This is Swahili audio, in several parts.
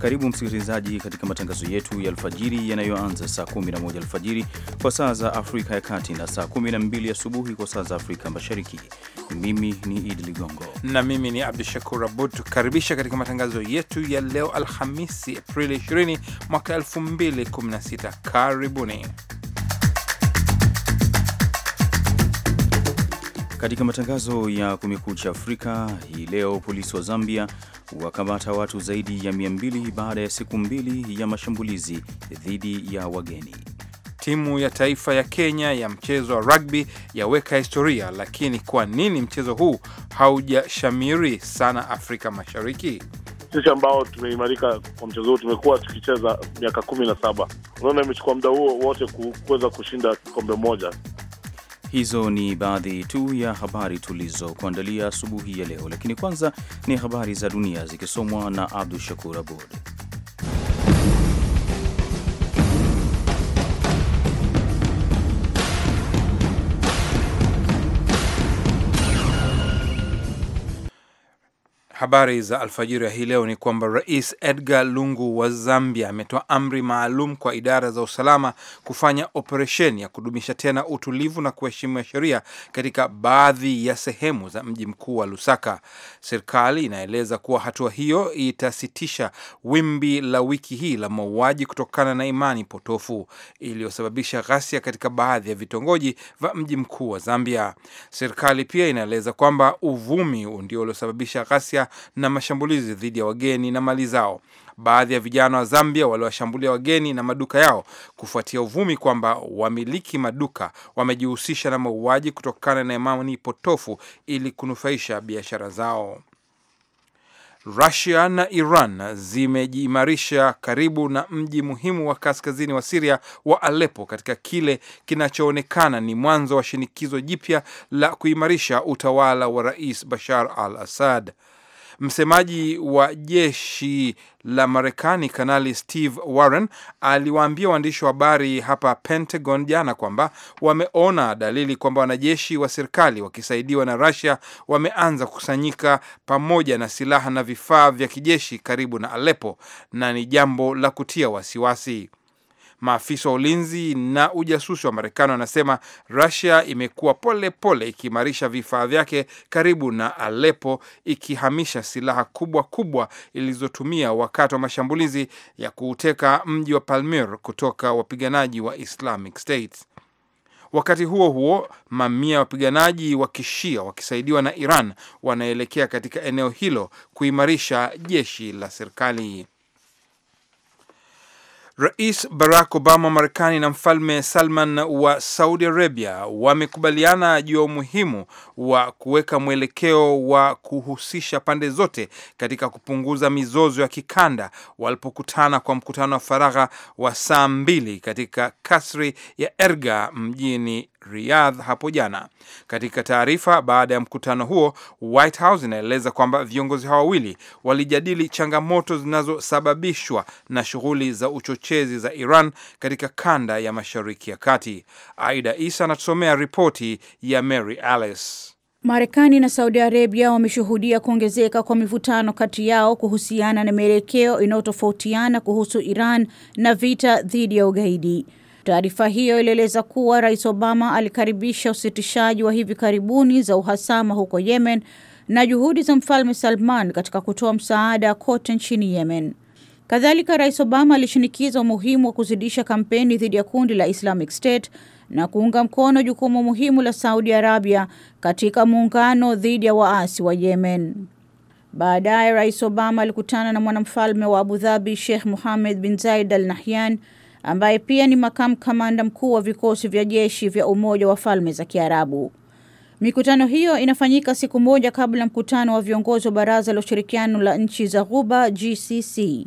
Karibu msikilizaji katika matangazo yetu ya alfajiri yanayoanza saa 11 alfajiri kwa saa za Afrika ya Kati na saa 12 asubuhi kwa saa za Afrika Mashariki. Mimi ni Idi Ligongo na mimi ni Abdu Shakur Abud, tukaribisha katika matangazo yetu ya leo Alhamisi, Aprili 20 mwaka 2016. Karibuni. Katika matangazo ya Kumekucha Afrika hii leo, polisi wa Zambia wakamata watu zaidi ya 200 baada ya siku mbili ya mashambulizi dhidi ya wageni. Timu ya taifa ya Kenya ya mchezo wa rugby yaweka historia, lakini kwa nini mchezo huu haujashamiri sana Afrika Mashariki? Sisi ambao tumeimarika kwa mchezo huu tumekuwa tukicheza miaka kumi na saba. Unaona, imechukua muda huo wote kuweza kushinda kikombe moja. Hizo ni baadhi tu ya habari tulizokuandalia asubuhi ya leo, lakini kwanza ni habari za dunia zikisomwa na Abdu Shakur Abud. Habari za alfajiri ya hii leo ni kwamba Rais Edgar Lungu wa Zambia ametoa amri maalum kwa idara za usalama kufanya operesheni ya kudumisha tena utulivu na kuheshimia sheria katika baadhi ya sehemu za mji mkuu wa Lusaka. Serikali inaeleza kuwa hatua hiyo itasitisha wimbi la wiki hii la mauaji kutokana na imani potofu iliyosababisha ghasia katika baadhi ya vitongoji vya mji mkuu wa Zambia. Serikali pia inaeleza kwamba uvumi ndio uliosababisha ghasia na mashambulizi dhidi ya wageni na mali zao. Baadhi ya vijana wa Zambia waliwashambulia wageni na maduka yao kufuatia uvumi kwamba wamiliki maduka wamejihusisha na mauaji kutokana na imani potofu ili kunufaisha biashara zao. Rusia na Iran zimejiimarisha karibu na mji muhimu wa kaskazini wa Siria wa Aleppo katika kile kinachoonekana ni mwanzo wa shinikizo jipya la kuimarisha utawala wa Rais Bashar al-Assad. Msemaji wa jeshi la Marekani Kanali Steve Warren aliwaambia waandishi wa habari hapa Pentagon jana kwamba wameona dalili kwamba wanajeshi wa serikali wakisaidiwa na Russia wameanza kukusanyika pamoja na silaha na vifaa vya kijeshi karibu na Aleppo na ni jambo la kutia wasiwasi. Maafisa wa ulinzi na ujasusi wa Marekani wanasema Rusia imekuwa pole pole ikiimarisha vifaa vyake karibu na Alepo, ikihamisha silaha kubwa kubwa ilizotumia wakati wa mashambulizi ya kuuteka mji wa palmir kutoka wapiganaji wa Islamic State. Wakati huo huo, mamia ya wapiganaji wa kishia wakisaidiwa na Iran wanaelekea katika eneo hilo kuimarisha jeshi la serikali. Rais Barack Obama wa Marekani na Mfalme Salman wa Saudi Arabia wamekubaliana juu ya umuhimu wa kuweka mwelekeo wa kuhusisha pande zote katika kupunguza mizozo ya kikanda walipokutana kwa mkutano wa faragha wa saa mbili katika kasri ya Erga mjini Riyadh hapo jana. Katika taarifa baada ya mkutano huo, White House inaeleza kwamba viongozi hao wawili walijadili changamoto zinazosababishwa na shughuli za uchochezi za Iran katika kanda ya Mashariki ya Kati. Aida Isa anatusomea ripoti ya Mary Alice. Marekani na Saudi Arabia wameshuhudia kuongezeka kwa mivutano kati yao kuhusiana na mielekeo inayotofautiana kuhusu Iran na vita dhidi ya ugaidi. Taarifa hiyo ilieleza kuwa Rais Obama alikaribisha usitishaji wa hivi karibuni za uhasama huko Yemen na juhudi za Mfalme Salman katika kutoa msaada kote nchini Yemen. Kadhalika, Rais Obama alishinikiza umuhimu wa kuzidisha kampeni dhidi ya kundi la Islamic State na kuunga mkono jukumu muhimu la Saudi Arabia katika muungano dhidi ya waasi wa Yemen. Baadaye Rais Obama alikutana na mwanamfalme wa Abu Dhabi Sheikh Mohammed bin Zayed Al Nahyan ambaye pia ni makamu kamanda mkuu wa vikosi vya jeshi vya Umoja wa Falme za Kiarabu. Mikutano hiyo inafanyika siku moja kabla mkutano wa viongozi wa Baraza la Ushirikiano la Nchi za Ghuba GCC.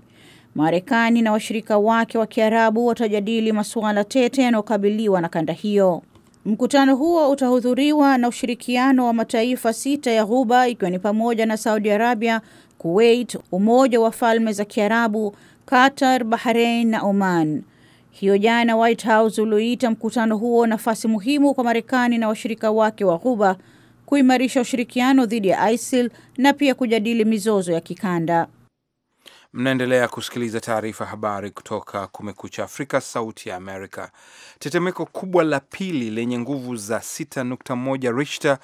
Marekani na washirika wake wa Kiarabu watajadili masuala tete yanayokabiliwa na kanda hiyo. Mkutano huo utahudhuriwa na ushirikiano wa mataifa sita ya Ghuba ikiwa ni pamoja na Saudi Arabia, Kuwait, Umoja wa Falme za Kiarabu, Qatar, Bahrain na Oman. Hiyo jana White House ulioita mkutano huo nafasi muhimu kwa Marekani na washirika wake wa Ghuba kuimarisha ushirikiano dhidi ya ISIL na pia kujadili mizozo ya kikanda. Mnaendelea kusikiliza taarifa habari kutoka Kumekucha Afrika, Sauti ya Amerika. Tetemeko kubwa la pili lenye nguvu za 6.1 Richter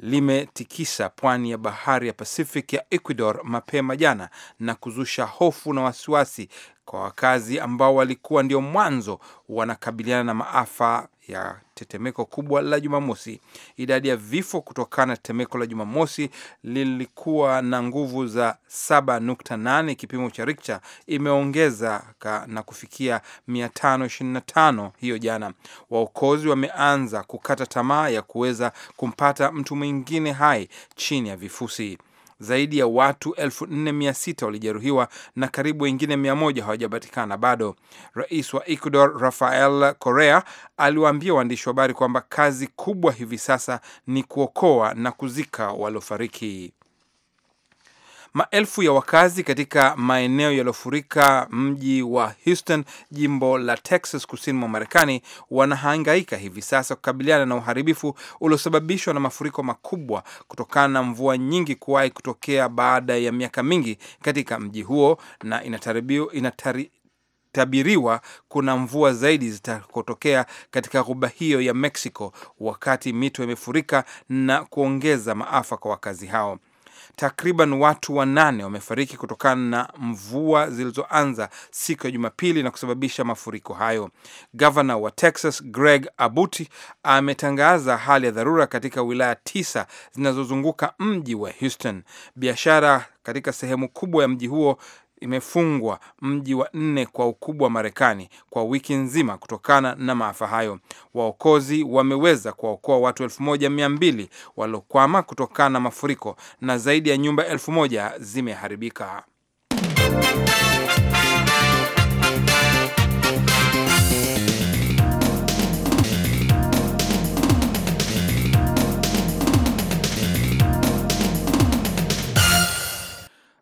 limetikisa pwani ya bahari ya Pacific ya Ecuador mapema jana na kuzusha hofu na wasiwasi kwa wakazi ambao walikuwa ndio mwanzo wanakabiliana na maafa ya tetemeko kubwa la Jumamosi. Idadi ya vifo kutokana na tetemeko la Jumamosi lilikuwa na nguvu za 7.8 kipimo cha Richter imeongezeka na kufikia 525 hiyo jana. Waokozi wameanza kukata tamaa ya kuweza kumpata mtu mwingine hai chini ya vifusi. Zaidi ya watu 4600 walijeruhiwa na karibu wengine 100 hawajapatikana bado. Rais wa Ecuador Rafael Correa aliwaambia waandishi wa habari kwamba kazi kubwa hivi sasa ni kuokoa na kuzika waliofariki. Maelfu ya wakazi katika maeneo yaliyofurika mji wa Houston, jimbo la Texas, kusini mwa Marekani, wanahangaika hivi sasa kukabiliana na uharibifu uliosababishwa na mafuriko makubwa kutokana na mvua nyingi kuwahi kutokea baada ya miaka mingi katika mji huo, na inatabiriwa inatari, kuna mvua zaidi zitakotokea katika ghuba hiyo ya Mexico wakati mito imefurika na kuongeza maafa kwa wakazi hao takriban watu wanane wamefariki kutokana na mvua zilizoanza siku ya Jumapili na kusababisha mafuriko hayo. Gavana wa Texas Greg Abbott ametangaza hali ya dharura katika wilaya tisa zinazozunguka mji wa Houston. Biashara katika sehemu kubwa ya mji huo imefungwa mji wa nne kwa ukubwa wa Marekani kwa wiki nzima kutokana na maafa hayo. Waokozi wameweza kuwaokoa watu elfu moja mia mbili waliokwama kutokana na mafuriko na zaidi ya nyumba elfu moja zimeharibika.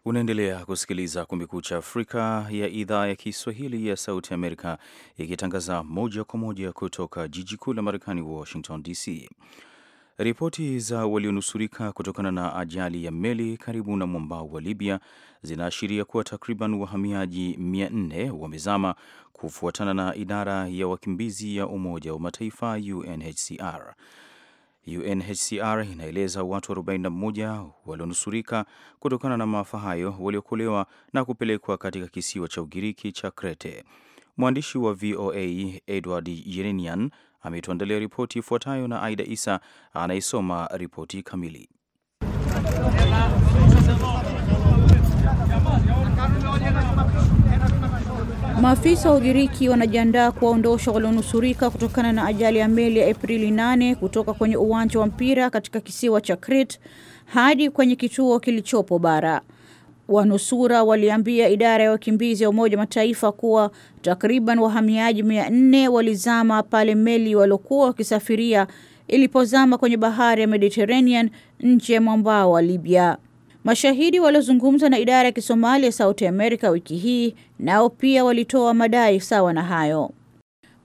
Unaendelea kusikiliza Kumekucha Afrika ya idhaa ya Kiswahili ya Sauti Amerika, ikitangaza moja kwa moja kutoka jiji kuu la Marekani, Washington DC. Ripoti za walionusurika kutokana na ajali ya meli karibu na mwambao wa Libya zinaashiria kuwa takriban wahamiaji 400 wamezama kufuatana na idara ya wakimbizi ya Umoja wa Mataifa, UNHCR. UNHCR inaeleza watu 41 walionusurika kutokana na maafa hayo waliokolewa na kupelekwa katika kisiwa cha Ugiriki cha Krete. Mwandishi wa VOA Edward yerenian ametuandalia ripoti ifuatayo na Aida Isa anaisoma ripoti kamili. Maafisa wa Ugiriki wanajiandaa kuwaondosha walionusurika kutokana na ajali ya meli ya Aprili 8 kutoka kwenye uwanja wa mpira katika kisiwa cha Crete hadi kwenye kituo kilichopo bara. Wanusura waliambia idara ya wakimbizi ya Umoja Mataifa kuwa takriban wahamiaji mia walizama pale meli waliokuwa wakisafiria ilipozama kwenye bahari ya Mediterranean nje ya mwambao wa Libya. Mashahidi waliozungumza na idara ya Kisomali ya Sauti Amerika wiki hii nao pia walitoa madai sawa na hayo.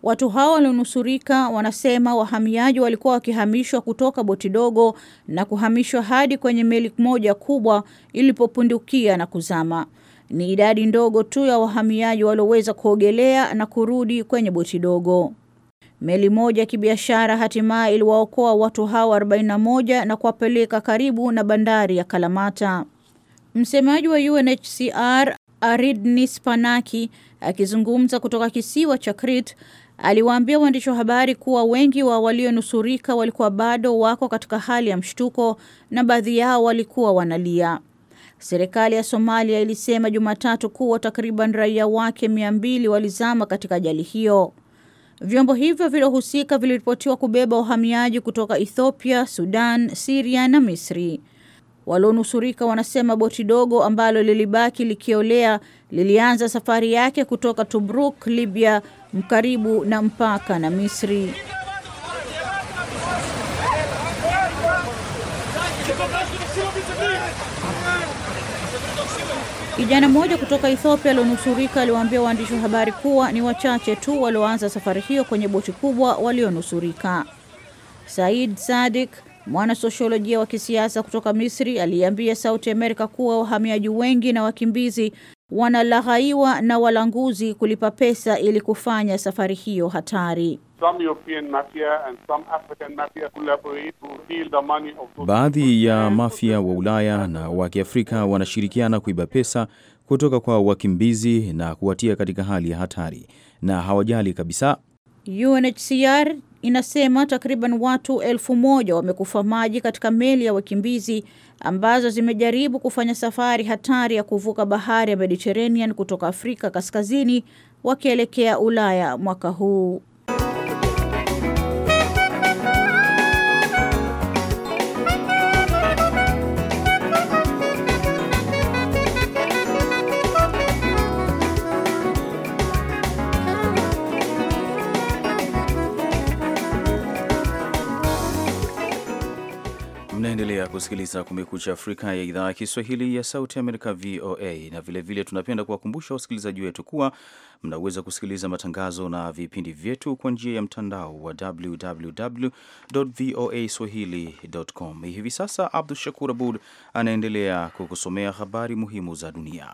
Watu hao walionusurika wanasema wahamiaji walikuwa wakihamishwa kutoka boti dogo na kuhamishwa hadi kwenye meli moja kubwa ilipopundukia na kuzama. Ni idadi ndogo tu ya wahamiaji walioweza kuogelea na kurudi kwenye boti dogo. Meli moja ya kibiashara hatimaye iliwaokoa watu hao 41 na kuwapeleka karibu na bandari ya Kalamata. Msemaji wa UNHCR Aridnis Panaki akizungumza kutoka kisiwa cha Crete aliwaambia waandishi wa habari kuwa wengi wa walionusurika walikuwa bado wako katika hali ya mshtuko na baadhi yao walikuwa wanalia. Serikali ya Somalia ilisema Jumatatu kuwa takriban raia wake mia mbili walizama katika ajali hiyo. Vyombo hivyo viliohusika viliripotiwa kubeba wahamiaji kutoka Ethiopia, Sudan, Siria na Misri. Walionusurika wanasema boti dogo ambalo lilibaki likiolea lilianza safari yake kutoka Tobruk, Libya, mkaribu na mpaka na Misri. Kijana mmoja kutoka Ethiopia alionusurika aliwaambia waandishi wa habari kuwa ni wachache tu walioanza safari hiyo kwenye boti kubwa walionusurika. Said Sadik, mwana sosiolojia wa kisiasa kutoka Misri, aliambia Sauti Amerika kuwa wahamiaji wengi na wakimbizi wanalaghaiwa na walanguzi kulipa pesa ili kufanya safari hiyo hatari. Baadhi ya mafia wa Ulaya na wa Kiafrika wanashirikiana kuiba pesa kutoka kwa wakimbizi na kuwatia katika hali ya hatari na hawajali kabisa. UNHCR inasema takriban watu elfu moja wamekufa maji katika meli ya wakimbizi ambazo zimejaribu kufanya safari hatari ya kuvuka bahari ya Mediterranean kutoka Afrika Kaskazini wakielekea Ulaya mwaka huu. kusikiliza Kumekucha Afrika ya idhaa ya Kiswahili ya Sauti Amerika, VOA. Na vilevile vile tunapenda kuwakumbusha wasikilizaji wetu kuwa mnaweza kusikiliza matangazo na vipindi vyetu kwa njia ya mtandao wa www voa swahili.com. Hivi sasa Abdu Shakur Abud anaendelea kukusomea habari muhimu za dunia.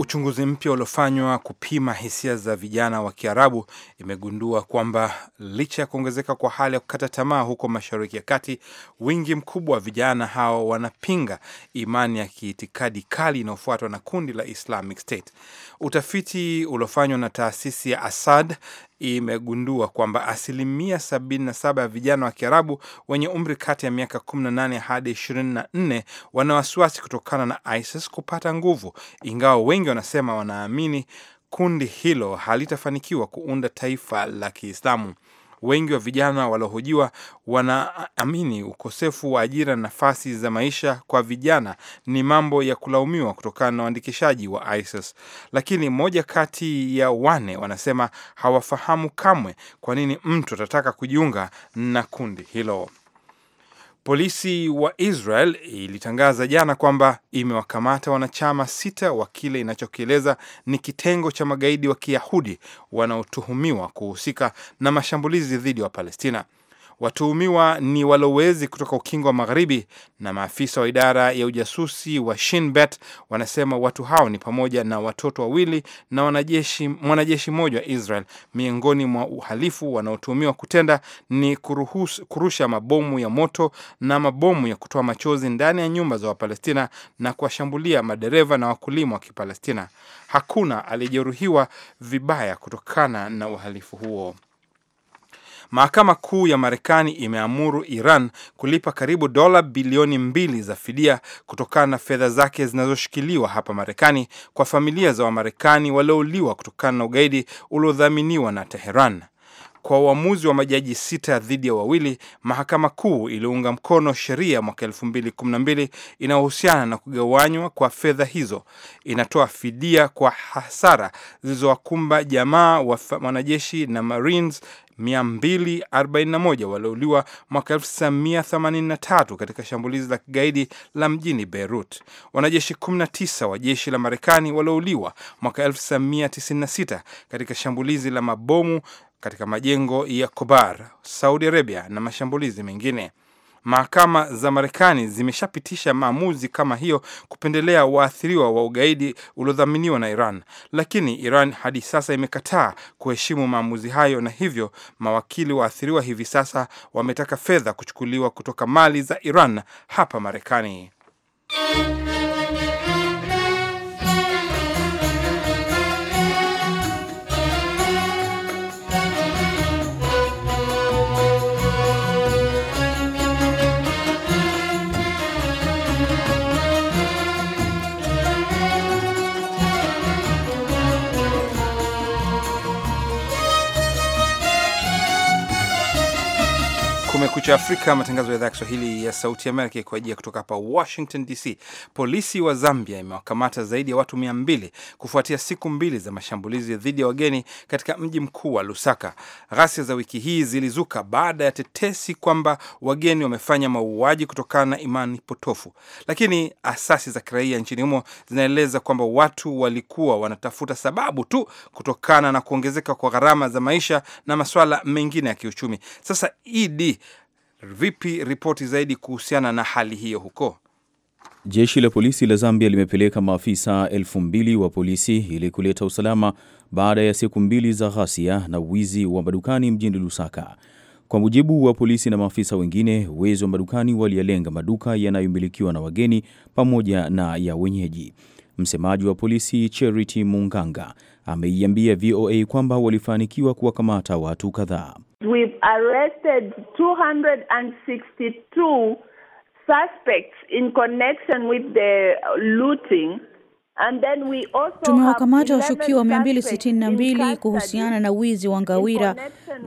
Uchunguzi mpya uliofanywa kupima hisia za vijana wa Kiarabu imegundua kwamba licha ya kuongezeka kwa hali ya kukata tamaa huko Mashariki ya Kati, wingi mkubwa wa vijana hao wanapinga imani ya kiitikadi kali inayofuatwa na kundi la Islamic State. Utafiti uliofanywa na taasisi ya Asad imegundua kwamba asilimia 77 ya vijana wa Kiarabu wenye umri kati ya miaka 18 hadi 24 wana wasiwasi kutokana na ISIS kupata nguvu, ingawa wengi wanasema wanaamini kundi hilo halitafanikiwa kuunda taifa la Kiislamu. Wengi wa vijana waliohojiwa wanaamini ukosefu wa ajira na nafasi za maisha kwa vijana ni mambo ya kulaumiwa kutokana na uandikishaji wa ISIS, lakini moja kati ya wane wanasema hawafahamu kamwe kwa nini mtu atataka kujiunga na kundi hilo. Polisi wa Israel ilitangaza jana kwamba imewakamata wanachama sita wa kile inachokieleza ni kitengo cha magaidi wa Kiyahudi wanaotuhumiwa kuhusika na mashambulizi dhidi ya Wapalestina. Watuhumiwa ni walowezi kutoka ukingo wa magharibi, na maafisa wa idara ya ujasusi wa Shin Bet wanasema watu hao ni pamoja na watoto wawili na wanajeshi, mwanajeshi mmoja wa Israel. Miongoni mwa uhalifu wanaotuhumiwa kutenda ni kuruhus, kurusha mabomu ya moto na mabomu ya kutoa machozi ndani ya nyumba za Wapalestina na kuwashambulia madereva na wakulima wa Kipalestina. Hakuna aliyejeruhiwa vibaya kutokana na uhalifu huo. Mahakama Kuu ya Marekani imeamuru Iran kulipa karibu dola bilioni mbili za fidia kutokana na fedha zake zinazoshikiliwa hapa Marekani kwa familia za Wamarekani waliouliwa kutokana na ugaidi uliodhaminiwa na Teheran. Kwa uamuzi wa majaji sita dhidi ya wawili, mahakama kuu iliunga mkono sheria mwaka mbili inayohusiana na kugawanywa kwa fedha hizo. Inatoa fidia kwa hasara zilizowakumba jamaa wa wanajeshi na Marines 241 waliouliwa mwaka 1983 katika shambulizi la kigaidi la mjini Beirut. Wanajeshi 19 wa jeshi la Marekani waliouliwa mwaka 1996 katika shambulizi la mabomu katika majengo ya Kobar, Saudi Arabia na mashambulizi mengine. Mahakama za Marekani zimeshapitisha maamuzi kama hiyo kupendelea waathiriwa wa ugaidi uliodhaminiwa na Iran, lakini Iran hadi sasa imekataa kuheshimu maamuzi hayo, na hivyo mawakili waathiriwa hivi sasa wametaka fedha kuchukuliwa kutoka mali za Iran hapa Marekani. Kumekucha Afrika, matangazo ya idhaa ya Kiswahili ya Sauti Amerika ikiwajia kutoka hapa Washington DC. Polisi wa Zambia imewakamata zaidi ya watu mia mbili kufuatia siku mbili za mashambulizi dhidi ya wageni katika mji mkuu wa Lusaka. Ghasia za wiki hii zilizuka baada ya tetesi kwamba wageni wamefanya mauaji kutokana na imani potofu, lakini asasi za kiraia nchini humo zinaeleza kwamba watu walikuwa wanatafuta sababu tu kutokana na kuongezeka kwa gharama za maisha na masuala mengine ya kiuchumi. Sasa Idi e Vipi ripoti zaidi kuhusiana na hali hiyo huko? Jeshi la polisi la Zambia limepeleka maafisa elfu mbili wa polisi ili kuleta usalama baada ya siku mbili za ghasia na wizi wa madukani mjini Lusaka. Kwa mujibu wa polisi na maafisa wengine, wezi wa madukani waliyalenga maduka yanayomilikiwa na wageni pamoja na ya wenyeji. Msemaji wa polisi Charity Munganga ameiambia VOA kwamba walifanikiwa kuwakamata watu kadhaa. We've arrested 262 suspects in connection with the looting. Tumewakamata washukiwa 262 kuhusiana na wizi wa ngawira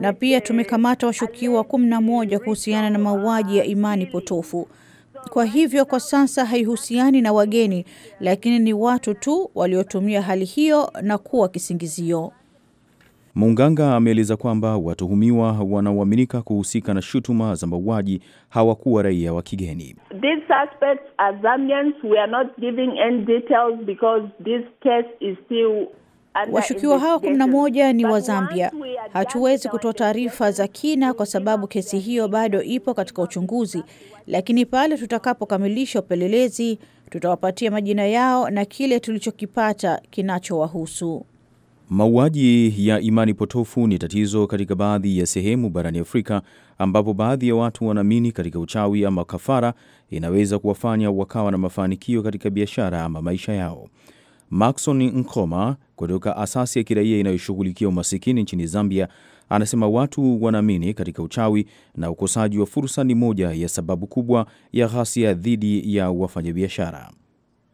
na pia tumekamata washukiwa 11 kuhusiana na mauaji ya imani potofu. Kwa hivyo kwa sasa haihusiani na wageni, lakini ni watu tu waliotumia hali hiyo na kuwa kisingizio. Munganga ameeleza kwamba watuhumiwa wanaoaminika kuhusika na shutuma za mauaji hawakuwa raia wa kigeni. These suspects are Zambians. We are not giving any details because this case is still Washukiwa hao kumi na moja ni wa Zambia. Hatuwezi kutoa taarifa za kina kwa sababu kesi hiyo bado ipo katika uchunguzi, lakini pale tutakapokamilisha upelelezi tutawapatia majina yao na kile tulichokipata kinachowahusu. Mauaji ya imani potofu ni tatizo katika baadhi ya sehemu barani Afrika ambapo baadhi ya watu wanaamini katika uchawi ama kafara inaweza kuwafanya wakawa na mafanikio katika biashara ama maisha yao. Maxon Nkoma kutoka asasi ya kiraia inayoshughulikia umasikini nchini Zambia anasema watu wanaamini katika uchawi na ukosaji wa fursa ni moja ya sababu kubwa ya ghasia dhidi ya wafanyabiashara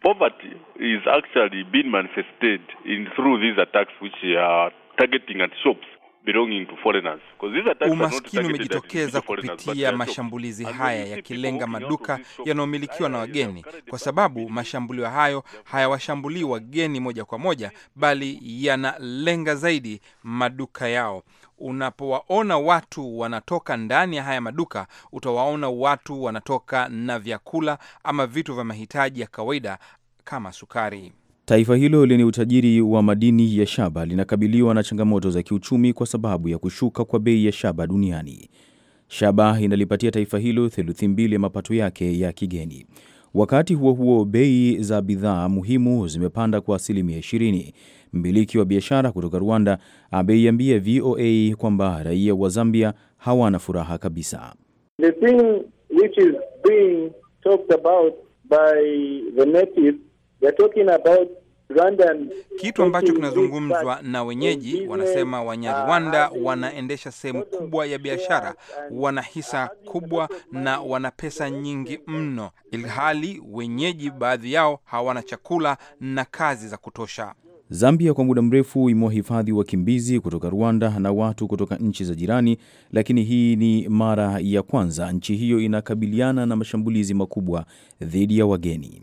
poverty is actually being manifested in through these attacks which are targeting at shops belonging to foreigners because these attacks umaskini umejitokeza kupitia mashambulizi haya yakilenga maduka yanayomilikiwa na wageni, kwa sababu mashambulio hayo hayawashambulii wageni moja kwa moja, bali yanalenga zaidi maduka yao unapowaona watu wanatoka ndani ya haya maduka, utawaona watu wanatoka na vyakula ama vitu vya mahitaji ya kawaida kama sukari. Taifa hilo lenye utajiri wa madini ya shaba linakabiliwa na changamoto za kiuchumi kwa sababu ya kushuka kwa bei ya shaba duniani. Shaba inalipatia taifa hilo theluthi mbili ya mapato yake ya kigeni. Wakati huo huo, bei za bidhaa muhimu zimepanda kwa asilimia 20. Mmiliki wa biashara kutoka Rwanda ameiambia VOA kwamba raia wa Zambia hawana furaha kabisa. The thing which is being talked about by the natives, they're talking about kitu ambacho kinazungumzwa na wenyeji. Wanasema Wanyarwanda wanaendesha sehemu kubwa ya biashara, wana hisa kubwa na wana pesa nyingi mno, ilhali wenyeji baadhi yao hawana chakula na kazi za kutosha. Zambia kwa muda mrefu imewahifadhi wakimbizi kutoka Rwanda na watu kutoka nchi za jirani, lakini hii ni mara ya kwanza nchi hiyo inakabiliana na mashambulizi makubwa dhidi ya wageni.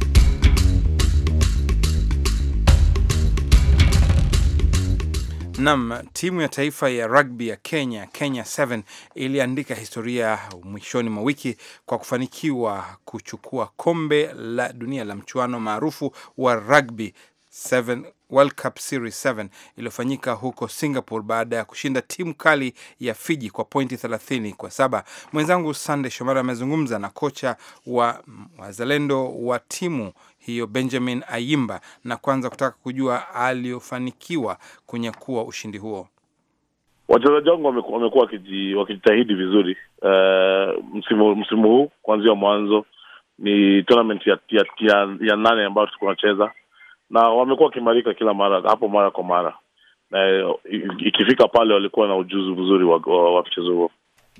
Nam, timu ya taifa ya rugby ya Kenya, Kenya 7 iliandika historia mwishoni mwa wiki kwa kufanikiwa kuchukua kombe la dunia la mchuano maarufu wa rugby 7, World Cup Series 7 iliyofanyika huko Singapore baada ya kushinda timu kali ya Fiji kwa pointi 30 kwa saba. Mwenzangu Sande Shomari amezungumza na kocha wa wazalendo wa timu hiyo Benjamin Ayimba, na kwanza kutaka kujua aliyofanikiwa kunyakua ushindi huo. Wachezaji wangu wamekuwa wakijitahidi vizuri uh, msimu msimu huu kuanzia mwanzo. Ni tournament ya, ya, ya, ya nane ambayo tulikuwa tunacheza na wamekuwa wakimarika kila mara hapo mara kwa mara na ikifika pale walikuwa na ujuzi mzuri wa, wa mchezo huo.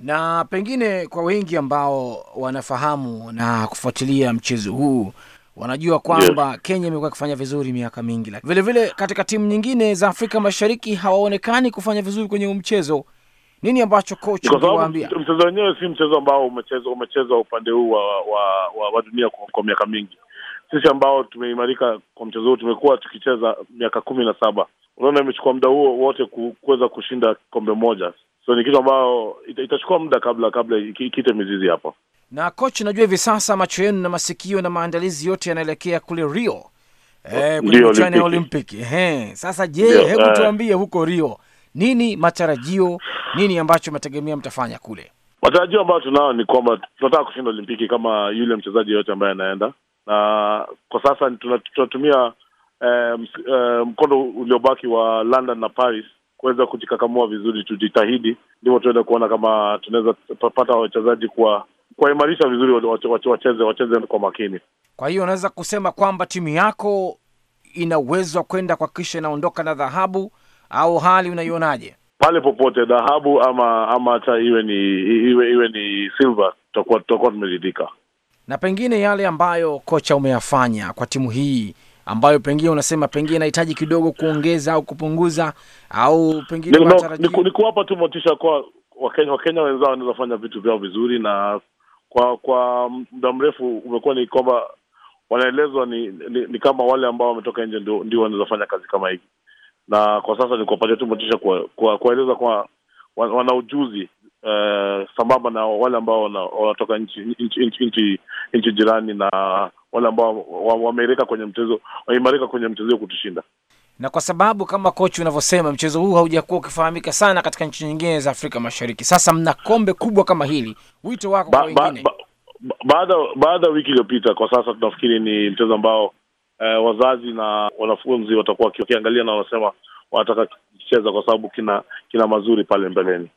Na pengine kwa wengi ambao wanafahamu na kufuatilia mchezo huu wanajua kwamba yes, Kenya imekuwa ikifanya vizuri miaka mingi, lakini vilevile katika timu nyingine za Afrika Mashariki hawaonekani kufanya vizuri kwenye mchezo. Nini ambacho kocha anawaambia? Mchezo wenyewe si mchezo ambao umechezwa umechezwa upande huu wa, wa, wa, wa dunia kwa, kwa miaka mingi. Sisi ambao tumeimarika kwa mchezo huu tumekuwa tukicheza miaka kumi na saba. Unaona, imechukua muda huo wote kuweza kushinda kombe moja, so ni kitu ambayo itachukua muda kabla kabla ikite mizizi hapa. Na coach, najua hivi sasa macho yenu na masikio na maandalizi yote yanaelekea kule Rio eh, kwenye Olimpiki. sasa je, hebu eh. tuambie huko Rio nini matarajio, nini ambacho mnategemea mtafanya kule? Matarajio ambayo tunao ni kwamba tunataka kushinda Olimpiki kama yule mchezaji yoyote ambaye anaenda, na kwa sasa tunatumia eh, eh, mkondo uliobaki wa London na Paris kuweza kujikakamua vizuri, tujitahidi, ndivyo tuende kuona kama tunaweza pata wachezaji kuwa kuwaimarisha vizuri, wacheze wacheze kwa makini. Kwa hiyo unaweza kusema kwamba timu yako ina uwezo wa kwenda kuhakikisha inaondoka na dhahabu, au hali unaionaje? Pale popote dhahabu ama ama hata iwe ni iwe, iwe ni silver, tutakuwa tutakuwa tumeridhika. Na pengine yale ambayo kocha umeyafanya kwa timu hii ambayo pengine unasema pengine inahitaji kidogo kuongeza au kupunguza au pengine ni, no, ni, ni kuwapa tu motisha kwa Wakenya, Wakenya wenzao wanaweza fanya vitu vyao vizuri na kwa kwa muda mrefu umekuwa ni kwamba wanaelezwa ni, ni, ni kama wale ambao wametoka nje ndio, ndio kazi kama hiki, na kwa sasa ni kuwapatia tu motisha kuwaeleza kwa wana ujuzi uh, sambamba na wale ambao wanatoka nchi jirani na wale ambao wameirika kwenye mchezo wameimarika kwenye mchezo wa kutushinda na kwa sababu kama kochi unavyosema, mchezo huu haujakuwa ukifahamika sana katika nchi nyingine za Afrika Mashariki. Sasa mna kombe kubwa kama hili, wito wako kwa wengine? Baada baada ya wiki iliyopita, kwa sasa tunafikiri ni mchezo ambao eh, wazazi na wanafunzi watakuwa wakiangalia na wanasema wanataka kucheza, kwa sababu kina kina mazuri pale mbeleni.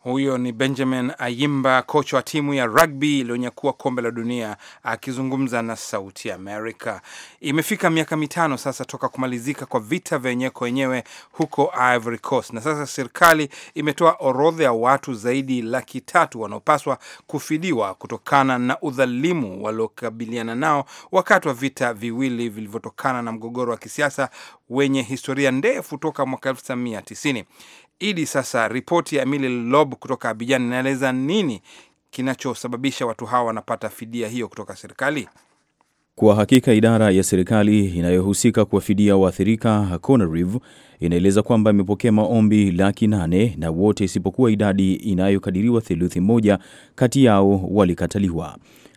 Huyo ni Benjamin Ayimba, kocha wa timu ya rugby iliyonyakua kombe la dunia akizungumza na Sauti Amerika. Imefika miaka mitano sasa toka kumalizika kwa vita vyenyewe kwa wenyewe huko Ivory Coast, na sasa serikali imetoa orodha ya watu zaidi laki tatu wanaopaswa kufidiwa kutokana na udhalimu waliokabiliana nao wakati wa vita viwili vilivyotokana na mgogoro wa kisiasa wenye historia ndefu toka mwaka 1990. Idi sasa, ripoti ya Emily Lob kutoka Abijani inaeleza nini kinachosababisha watu hawa wanapata fidia hiyo kutoka serikali? Kwa hakika idara ya serikali inayohusika kuwafidia waathirika Conarive inaeleza kwamba imepokea maombi laki nane na wote isipokuwa idadi inayokadiriwa theluthi moja kati yao walikataliwa.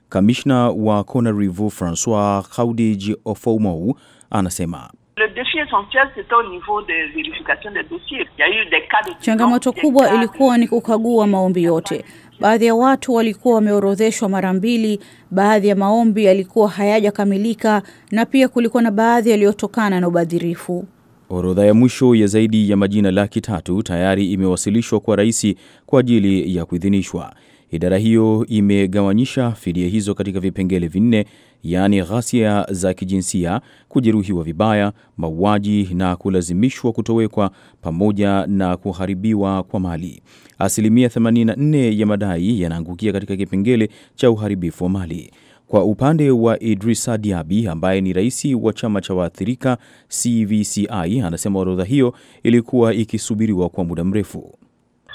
Kamishna wa Conarive Francois Kaudij ofoumou anasema Le défi essentiel c'est au niveau de vérification des dossiers. Il y a eu des cas de changamoto kubwa ilikuwa ni kukagua maombi yote. Baadhi ya watu walikuwa wameorodheshwa mara mbili, baadhi ya maombi yalikuwa hayajakamilika na pia kulikuwa na baadhi yaliyotokana na ubadhirifu. Orodha ya mwisho ya zaidi ya majina laki tatu tayari imewasilishwa kwa rais kwa ajili ya kuidhinishwa. Idara hiyo imegawanyisha fidia hizo katika vipengele vinne yaani ghasia za kijinsia, kujeruhiwa vibaya, mauaji na kulazimishwa kutowekwa pamoja na kuharibiwa kwa mali. Asilimia 84 ya madai yanaangukia katika kipengele cha uharibifu wa mali. Kwa upande wa Idrisa diabi ambaye ni rais wa chama cha waathirika CVCI, anasema orodha hiyo ilikuwa ikisubiriwa kwa muda mrefu.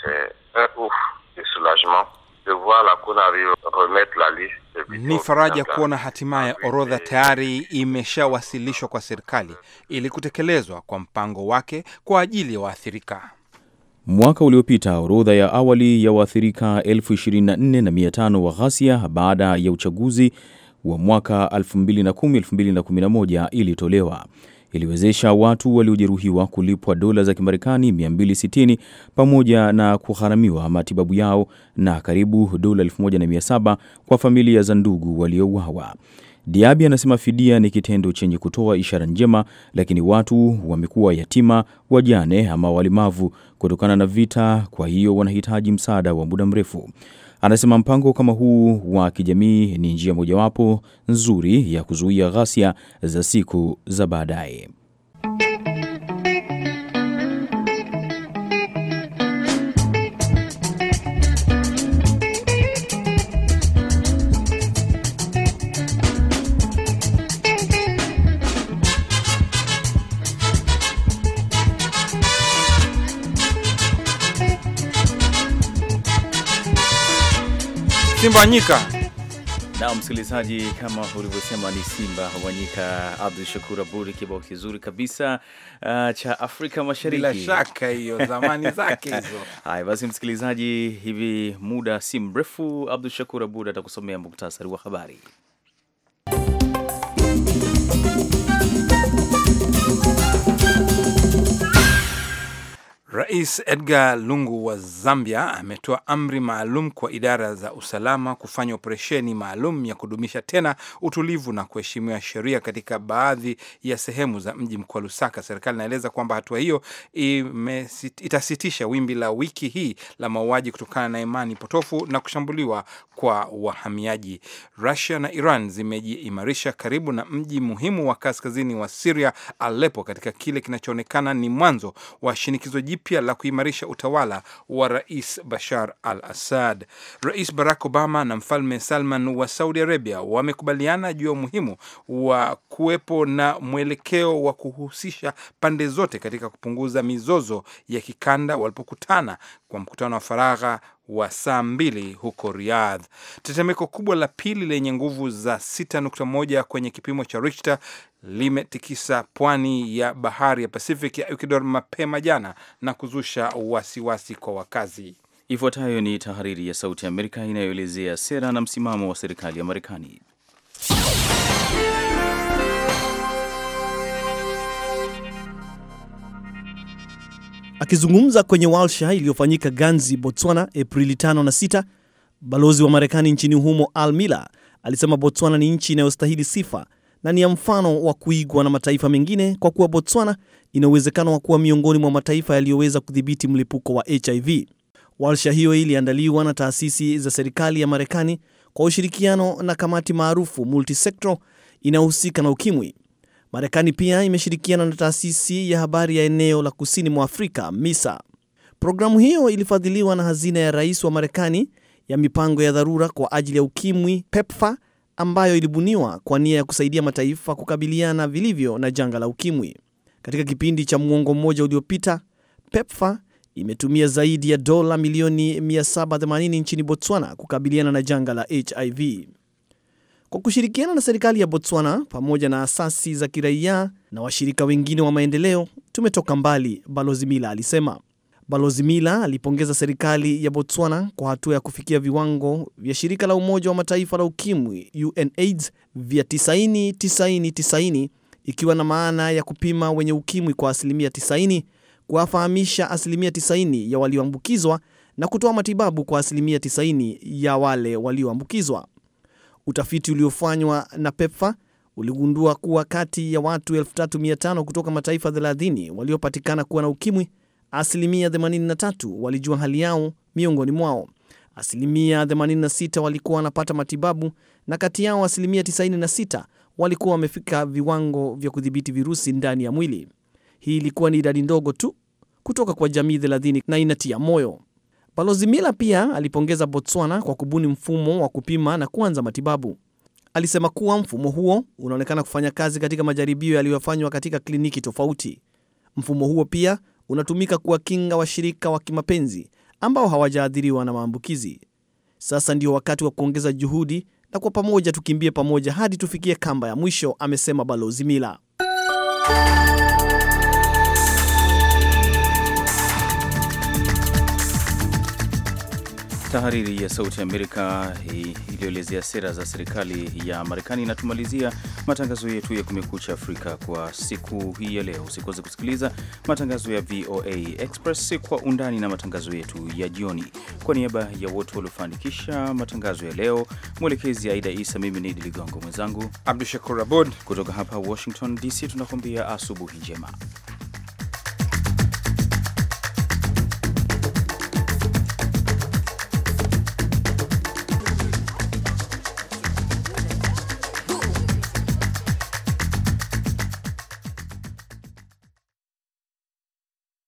Uh, uh, uh, ni faraja kuona hatimaye orodha tayari imeshawasilishwa kwa serikali ili kutekelezwa kwa mpango wake kwa ajili ya wa waathirika. Mwaka uliopita orodha ya awali ya waathirika 24,500 wa ghasia baada ya uchaguzi wa mwaka 2010-2011 ilitolewa iliwezesha watu waliojeruhiwa kulipwa dola za Kimarekani 260 pamoja na kugharamiwa matibabu yao na karibu dola 1700 kwa familia za ndugu waliouawa. Diabi anasema fidia ni kitendo chenye kutoa ishara njema, lakini watu wamekuwa yatima, wajane ama walemavu kutokana na vita, kwa hiyo wanahitaji msaada wa muda mrefu. Anasema mpango kama huu wa kijamii ni njia mojawapo nzuri ya kuzuia ghasia za siku za baadaye. Simba Nyika. Na msikilizaji, kama ulivyosema ni Simba Nyika, Abdul Shakur Aburi, kibao kizuri kabisa uh, cha Afrika Mashariki. Bila shaka hiyo zamani zake hizo. Hai, basi msikilizaji, hivi muda si mrefu Abdul Shakur Aburi atakusomea muktasari wa habari. Rais Edgar Lungu wa Zambia ametoa amri maalum kwa idara za usalama kufanya operesheni maalum ya kudumisha tena utulivu na kuheshimiwa sheria katika baadhi ya sehemu za mji mkuu wa Lusaka. Serikali inaeleza kwamba hatua hiyo itasitisha wimbi la wiki hii la mauaji kutokana na imani potofu na kushambuliwa kwa wahamiaji. Rusia na Iran zimejiimarisha karibu na mji muhimu wa kaskazini wa Siria, Alepo, katika kile kinachoonekana ni mwanzo wa shinikizo jipya jipya la kuimarisha utawala wa Rais Bashar al Assad. Rais Barack Obama na Mfalme Salman wa Saudi Arabia wamekubaliana juu ya umuhimu wa kuwepo na mwelekeo wa kuhusisha pande zote katika kupunguza mizozo ya kikanda walipokutana kwa mkutano wa faragha wa saa mbili huko Riyadh. Tetemeko kubwa la pili lenye nguvu za 6.1 kwenye kipimo cha Richter limetikisa pwani ya bahari ya Pacific ya Ecuador mapema jana na kuzusha wasiwasi wasi kwa wakazi. Ifuatayo ni tahariri ya Sauti ya Amerika inayoelezea sera na msimamo wa serikali ya Marekani. Akizungumza kwenye warsha iliyofanyika Ganzi, Botswana, Aprili 5 na 6, balozi wa Marekani nchini humo Al Mila alisema Botswana ni nchi inayostahili sifa na ni ya mfano wa kuigwa na mataifa mengine kwa kuwa Botswana ina uwezekano wa kuwa miongoni mwa mataifa yaliyoweza kudhibiti mlipuko wa HIV. Warsha hiyo iliandaliwa na taasisi za serikali ya Marekani kwa ushirikiano na kamati maarufu multisector inayohusika na ukimwi. Marekani pia imeshirikiana na taasisi ya habari ya eneo la kusini mwa Afrika, MISA. Programu hiyo ilifadhiliwa na hazina ya rais wa Marekani ya mipango ya dharura kwa ajili ya ukimwi, pepfa ambayo ilibuniwa kwa nia ya kusaidia mataifa kukabiliana vilivyo na janga la ukimwi. Katika kipindi cha mwongo mmoja uliopita, pepfa imetumia zaidi ya dola milioni 780 nchini Botswana kukabiliana na janga la HIV. Kwa kushirikiana na serikali ya Botswana pamoja na asasi za kiraia na washirika wengine wa maendeleo, tumetoka mbali, Balozi Mila alisema. Balozi Mila alipongeza serikali ya Botswana kwa hatua ya kufikia viwango vya shirika la Umoja wa Mataifa la Ukimwi UNAIDS vya 90 90 90 ikiwa na maana ya kupima wenye ukimwi kwa asilimia 90, kuwafahamisha asilimia 90 ya walioambukizwa na kutoa matibabu kwa asilimia 90 ya wale walioambukizwa. Utafiti uliofanywa na pepfa uligundua kuwa kati ya watu 3500 kutoka mataifa 30 waliopatikana kuwa na ukimwi, asilimia 83 walijua hali yao. Miongoni mwao asilimia 86 walikuwa wanapata matibabu, na kati yao asilimia 96 walikuwa wamefika viwango vya kudhibiti virusi ndani ya mwili. Hii ilikuwa ni idadi ndogo tu kutoka kwa jamii 30 na inatia moyo. Balozi Mila pia alipongeza Botswana kwa kubuni mfumo wa kupima na kuanza matibabu. Alisema kuwa mfumo huo unaonekana kufanya kazi katika majaribio yaliyofanywa katika kliniki tofauti. Mfumo huo pia unatumika kuwakinga washirika wa kimapenzi ambao hawajaathiriwa na maambukizi. Sasa ndio wakati wa kuongeza juhudi na kwa pamoja tukimbie pamoja hadi tufikie kamba ya mwisho, amesema Balozi Mila. Tahariri ya Sauti ya Amerika iliyoelezea sera za serikali ya Marekani inatumalizia matangazo yetu ya Kumekucha Afrika kwa siku hii ya leo. Usikose kusikiliza matangazo ya VOA Express kwa undani na matangazo yetu ya jioni. Kwa niaba ya wote waliofanikisha matangazo ya leo, mwelekezi Aida Isa, mimi ni Idi Ligongo, mwenzangu Abdu Shakur Abud kutoka hapa Washington DC, tunakuambia asubuhi njema.